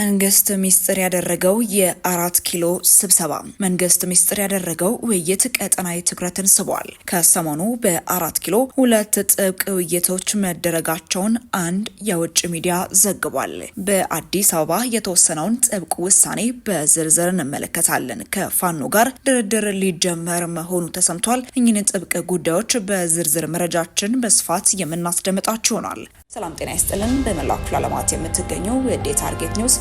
መንግስት ሚስጥር ያደረገው የአራት ኪሎ ስብሰባ መንግስት ሚስጥር ያደረገው ውይይት ቀጠናዊ ትኩረትን ስቧል። ከሰሞኑ በአራት ኪሎ ሁለት ጥብቅ ውይይቶች መደረጋቸውን አንድ የውጭ ሚዲያ ዘግቧል። በአዲስ አበባ የተወሰነውን ጥብቅ ውሳኔ በዝርዝር እንመለከታለን። ከፋኖ ጋር ድርድር ሊጀመር መሆኑ ተሰምቷል። እኚህን ጥብቅ ጉዳዮች በዝርዝር መረጃችን በስፋት የምናስደምጣችሁ ይሆናል። ሰላም ጤና ይስጥልን። በመላው ክፍለ ዓለማት የምትገኙ የዴ ታርጌት ኒውስ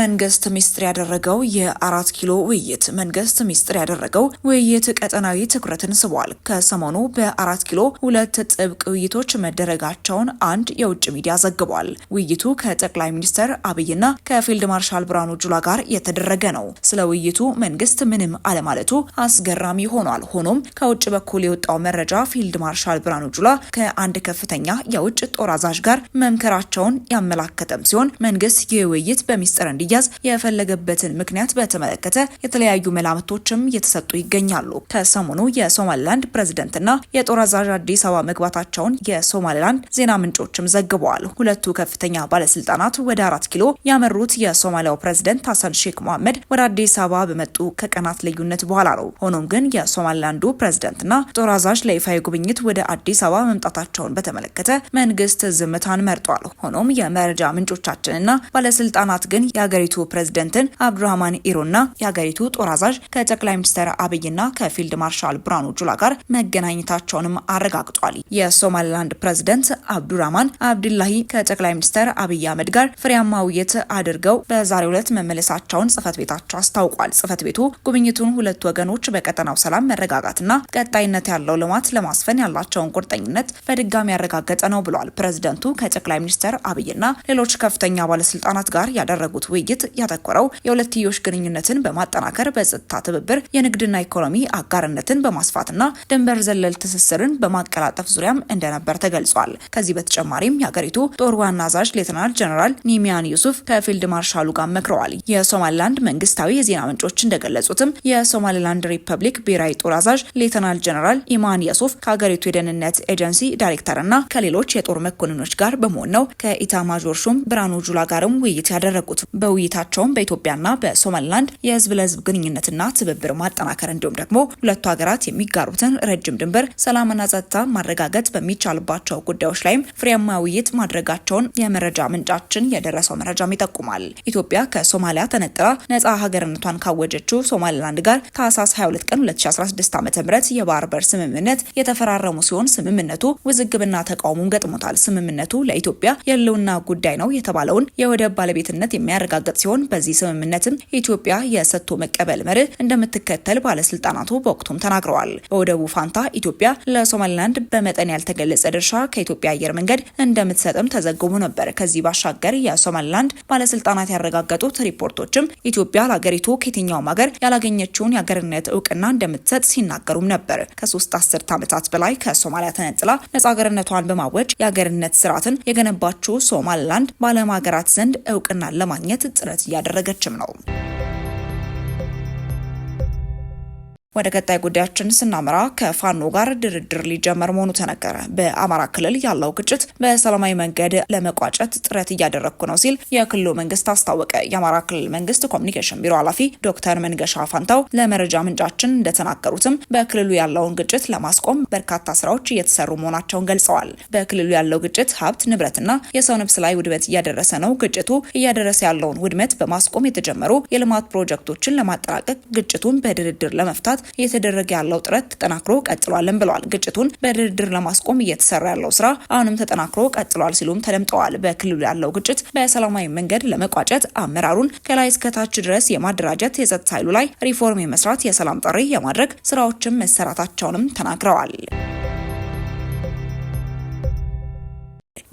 መንግስት ሚስጥር ያደረገው የአራት ኪሎ ውይይት መንግስት ሚስጥር ያደረገው ውይይት ቀጠናዊ ትኩረትን ስቧል። ከሰሞኑ በአራት ኪሎ ሁለት ጥብቅ ውይይቶች መደረጋቸውን አንድ የውጭ ሚዲያ ዘግቧል። ውይይቱ ከጠቅላይ ሚኒስትር አብይና ከፊልድ ማርሻል ብርሃኑ ጁላ ጋር የተደረገ ነው። ስለ ውይይቱ መንግስት ምንም አለማለቱ አስገራሚ ሆኗል። ሆኖም ከውጭ በኩል የወጣው መረጃ ፊልድ ማርሻል ብርሃኑ ጁላ ከአንድ ከፍተኛ የውጭ ጦር አዛዥ ጋር መምከራቸውን ያመላከተም ሲሆን መንግስት ይህ ውይይት በሚስጥር እንዲያዝ የፈለገበትን ምክንያት በተመለከተ የተለያዩ መላምቶችም እየተሰጡ ይገኛሉ። ከሰሞኑ የሶማሊላንድ ፕሬዝደንትና የጦር አዛዥ አዲስ አበባ መግባታቸውን የሶማሊላንድ ዜና ምንጮችም ዘግበዋል። ሁለቱ ከፍተኛ ባለስልጣናት ወደ አራት ኪሎ ያመሩት የሶማሊያው ፕሬዝደንት ሀሰን ሼክ መሐመድ ወደ አዲስ አበባ በመጡ ከቀናት ልዩነት በኋላ ነው። ሆኖም ግን የሶማሊላንዱ ፕሬዝደንትና ጦር አዛዥ ለይፋዊ ጉብኝት ወደ አዲስ አበባ መምጣታቸውን በተመለከተ መንግስት ዝምታን መርጧል። ሆኖም የመረጃ ምንጮቻችንና ባለስልጣናት ግን የሀገሪቱ ፕሬዝደንትን አብዱራህማን ኢሮና የሀገሪቱ ጦር አዛዥ ከጠቅላይ ሚኒስትር አብይና ከፊልድ ማርሻል ብርሃኑ ጁላ ጋር መገናኘታቸውንም አረጋግጧል። የሶማሊላንድ ፕሬዝደንት አብዱራህማን አብድላሂ ከጠቅላይ ሚኒስትር አብይ አህመድ ጋር ፍሬያማ ውይይት አድርገው በዛሬው ዕለት መመለሳቸውን ጽህፈት ቤታቸው አስታውቋል። ጽህፈት ቤቱ ጉብኝቱን ሁለቱ ወገኖች በቀጠናው ሰላም መረጋጋትና ቀጣይነት ያለው ልማት ለማስፈን ያላቸውን ቁርጠኝነት በድጋሚ ያረጋገጠ ነው ብሏል። ፕሬዝደንቱ ከጠቅላይ ሚኒስትር አብይና ሌሎች ከፍተኛ ባለስልጣናት ጋር ያደረጉት ውይይት ያተኮረው የሁለትዮሽ ግንኙነትን በማጠናከር በጸጥታ ትብብር፣ የንግድና ኢኮኖሚ አጋርነትን በማስፋትና ድንበር ዘለል ትስስርን በማቀላጠፍ ዙሪያም እንደነበር ተገልጿል። ከዚህ በተጨማሪም የሀገሪቱ ጦር ዋና አዛዥ ሌተናል ጀነራል ኒሚያን ዩሱፍ ከፊልድ ማርሻሉ ጋር መክረዋል። የሶማሊላንድ መንግስታዊ የዜና ምንጮች እንደገለጹትም የሶማሊላንድ ሪፐብሊክ ብሔራዊ ጦር አዛዥ ሌተናል ጀነራል ኢማን የሱፍ ከሀገሪቱ የደህንነት ኤጀንሲ ዳይሬክተርና ከሌሎች የጦር መኮንኖች ጋር በመሆን ነው ከኢታማዦር ሹም ብርሃኑ ጁላ ጋርም ውይይት ያደረጉት። በውይይታቸውም በኢትዮጵያና በሶማሊላንድ የህዝብ ለህዝብ ግንኙነትና ትብብር ማጠናከር እንዲሁም ደግሞ ሁለቱ ሀገራት የሚጋሩትን ረጅም ድንበር ሰላምና ጸጥታ ማረጋገጥ በሚቻልባቸው ጉዳዮች ላይም ፍሬያማ ውይይት ማድረጋቸውን የመረጃ ምንጫችን የደረሰው መረጃም ይጠቁማል። ኢትዮጵያ ከሶማሊያ ተነጥላ ነጻ ሀገርነቷን ካወጀችው ሶማሊላንድ ጋር ታህሳስ 22 ቀን 2016 ዓ ም የባህር በር ስምምነት የተፈራረሙ ሲሆን ስምምነቱ ውዝግብና ተቃውሞን ገጥሞታል። ስምምነቱ ለኢትዮጵያ የህልውና ጉዳይ ነው የተባለውን የወደብ ባለቤትነት የሚያረጋ የሚያረጋግጥ ሲሆን በዚህ ስምምነትም ኢትዮጵያ የሰጥቶ መቀበል መርህ እንደምትከተል ባለስልጣናቱ በወቅቱም ተናግረዋል። በወደቡ ፋንታ ኢትዮጵያ ለሶማሊላንድ በመጠን ያልተገለጸ ድርሻ ከኢትዮጵያ አየር መንገድ እንደምትሰጥም ተዘግቦ ነበር። ከዚህ ባሻገር የሶማሊላንድ ባለስልጣናት ያረጋገጡት ሪፖርቶችም ኢትዮጵያ ለሀገሪቱ ከየትኛውም ሀገር ያላገኘችውን የሀገርነት እውቅና እንደምትሰጥ ሲናገሩም ነበር። ከሶስት አስርት ዓመታት በላይ ከሶማሊያ ተነጥላ ነጻ ሀገርነቷን በማወጅ የሀገርነት ስርዓትን የገነባችው ሶማሊላንድ በዓለም ሀገራት ዘንድ እውቅናን ለማግኘት ጥረት እያደረገችም ነው። ወደ ቀጣይ ጉዳያችን ስናመራ ከፋኖ ጋር ድርድር ሊጀመር መሆኑ ተነገረ። በአማራ ክልል ያለው ግጭት በሰላማዊ መንገድ ለመቋጨት ጥረት እያደረግኩ ነው ሲል የክልሉ መንግስት አስታወቀ። የአማራ ክልል መንግስት ኮሚኒኬሽን ቢሮ ኃላፊ ዶክተር መንገሻ ፋንታው ለመረጃ ምንጫችን እንደተናገሩትም በክልሉ ያለውን ግጭት ለማስቆም በርካታ ስራዎች እየተሰሩ መሆናቸውን ገልጸዋል። በክልሉ ያለው ግጭት ሀብት ንብረትና የሰው ነፍስ ላይ ውድመት እያደረሰ ነው። ግጭቱ እያደረሰ ያለውን ውድመት በማስቆም የተጀመሩ የልማት ፕሮጀክቶችን ለማጠናቀቅ ግጭቱን በድርድር ለመፍታት እየተደረገ ያለው ጥረት ተጠናክሮ ቀጥሏልን ብለዋል። ግጭቱን በድርድር ለማስቆም እየተሰራ ያለው ስራ አሁንም ተጠናክሮ ቀጥሏል ሲሉም ተደምጠዋል። በክልሉ ያለው ግጭት በሰላማዊ መንገድ ለመቋጨት አመራሩን ከላይ እስከታች ድረስ የማደራጀት የጸጥታ ኃይሉ ላይ ሪፎርም የመስራት የሰላም ጥሪ የማድረግ ስራዎችም መሰራታቸውንም ተናግረዋል።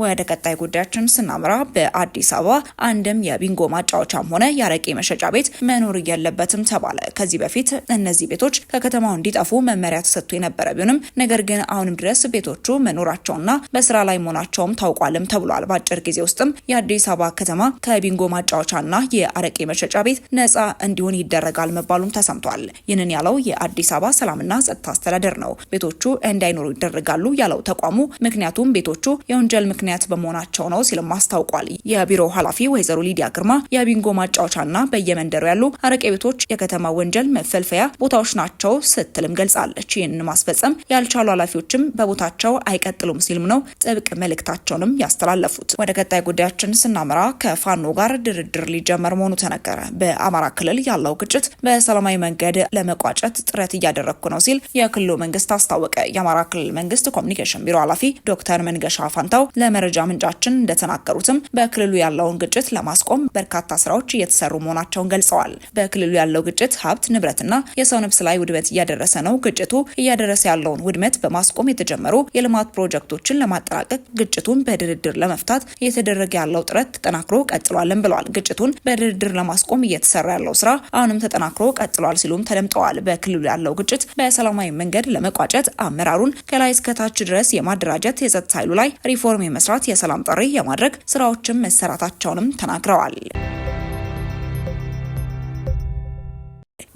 ወደ ቀጣይ ጉዳያችን ስናምራ በአዲስ አበባ አንድም የቢንጎ ማጫወቻም ሆነ የአረቄ መሸጫ ቤት መኖር የለበትም ተባለ። ከዚህ በፊት እነዚህ ቤቶች ከከተማው እንዲጠፉ መመሪያ ተሰጥቶ የነበረ ቢሆንም ነገር ግን አሁንም ድረስ ቤቶቹ መኖራቸውና በስራ ላይ መሆናቸውም ታውቋልም ተብሏል። በአጭር ጊዜ ውስጥም የአዲስ አበባ ከተማ ከቢንጎ ማጫወቻና የአረቄ መሸጫ ቤት ነጻ እንዲሆን ይደረጋል መባሉም ተሰምቷል። ይህንን ያለው የአዲስ አበባ ሰላምና ጸጥታ አስተዳደር ነው። ቤቶቹ እንዳይኖሩ ይደረጋሉ ያለው ተቋሙ ምክንያቱም ቤቶቹ የወንጀል ምክንያት ምክንያት በመሆናቸው ነው ሲልም አስታውቋል። የቢሮው ኃላፊ ወይዘሮ ሊዲያ ግርማ የቢንጎ ማጫወቻና በየመንደሩ ያሉ አረቄ ቤቶች የከተማ ወንጀል መፈልፈያ ቦታዎች ናቸው ስትልም ገልጻለች። ይህንን ማስፈጸም ያልቻሉ ኃላፊዎችም በቦታቸው አይቀጥሉም ሲልም ነው ጥብቅ መልእክታቸውንም ያስተላለፉት። ወደ ቀጣይ ጉዳያችን ስናመራ ከፋኖ ጋር ድርድር ሊጀመር መሆኑ ተነገረ። በአማራ ክልል ያለው ግጭት በሰላማዊ መንገድ ለመቋጨት ጥረት እያደረግኩ ነው ሲል የክልሉ መንግስት አስታወቀ። የአማራ ክልል መንግስት ኮሚኒኬሽን ቢሮ ኃላፊ ዶክተር መንገሻ ፋንታው ለመ የመረጃ ምንጫችን እንደተናገሩትም በክልሉ ያለውን ግጭት ለማስቆም በርካታ ስራዎች እየተሰሩ መሆናቸውን ገልጸዋል። በክልሉ ያለው ግጭት ሀብት ንብረትና የሰው ነፍስ ላይ ውድመት እያደረሰ ነው። ግጭቱ እያደረሰ ያለውን ውድመት በማስቆም የተጀመሩ የልማት ፕሮጀክቶችን ለማጠናቀቅ ግጭቱን በድርድር ለመፍታት እየተደረገ ያለው ጥረት ተጠናክሮ ቀጥሏልን ብለዋል። ግጭቱን በድርድር ለማስቆም እየተሰራ ያለው ስራ አሁንም ተጠናክሮ ቀጥሏል ሲሉም ተደምጠዋል። በክልሉ ያለው ግጭት በሰላማዊ መንገድ ለመቋጨት አመራሩን ከላይ እስከታች ድረስ የማደራጀት የጸጥታ ኃይሉ ላይ ሪፎርም በመስራት የሰላም ጥሪ የማድረግ ስራዎችም መሰራታቸውንም ተናግረዋል።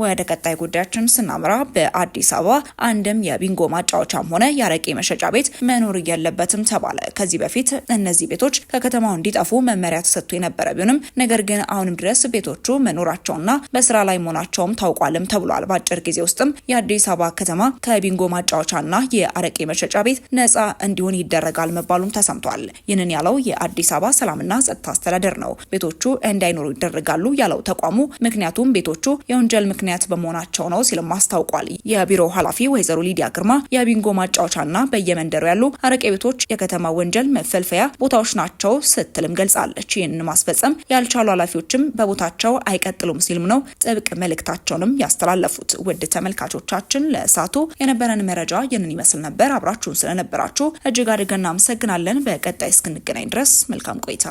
ወደ ቀጣይ ጉዳያችን ስናምራ በአዲስ አበባ አንድም የቢንጎ ማጫወቻም ሆነ የአረቄ መሸጫ ቤት መኖር የለበትም ተባለ። ከዚህ በፊት እነዚህ ቤቶች ከከተማው እንዲጠፉ መመሪያ ተሰጥቶ የነበረ ቢሆንም ነገር ግን አሁንም ድረስ ቤቶቹ መኖራቸውና በስራ ላይ መሆናቸውም ታውቋልም ተብሏል። በአጭር ጊዜ ውስጥም የአዲስ አበባ ከተማ ከቢንጎ ማጫወቻና የአረቄ መሸጫ ቤት ነጻ እንዲሆን ይደረጋል መባሉም ተሰምቷል። ይህንን ያለው የአዲስ አበባ ሰላምና ጸጥታ አስተዳደር ነው። ቤቶቹ እንዳይኖሩ ይደረጋሉ ያለው ተቋሙ ምክንያቱም ቤቶቹ የወንጀል ምክንያት ምክንያት በመሆናቸው ነው ሲልም አስታውቋል። የቢሮው ኃላፊ ወይዘሮ ሊዲያ ግርማ የቢንጎ ማጫወቻና በየመንደሩ ያሉ አረቄ ቤቶች የከተማ ወንጀል መፈልፈያ ቦታዎች ናቸው ስትልም ገልጻለች። ይህን ማስፈጸም ያልቻሉ ኃላፊዎችም በቦታቸው አይቀጥሉም ሲልም ነው ጥብቅ መልእክታቸውንም ያስተላለፉት። ውድ ተመልካቾቻችን ለእሳቱ የነበረን መረጃ ይህንን ይመስል ነበር። አብራችሁን ስለነበራችሁ እጅግ አድርገን እናመሰግናለን። በቀጣይ እስክንገናኝ ድረስ መልካም ቆይታ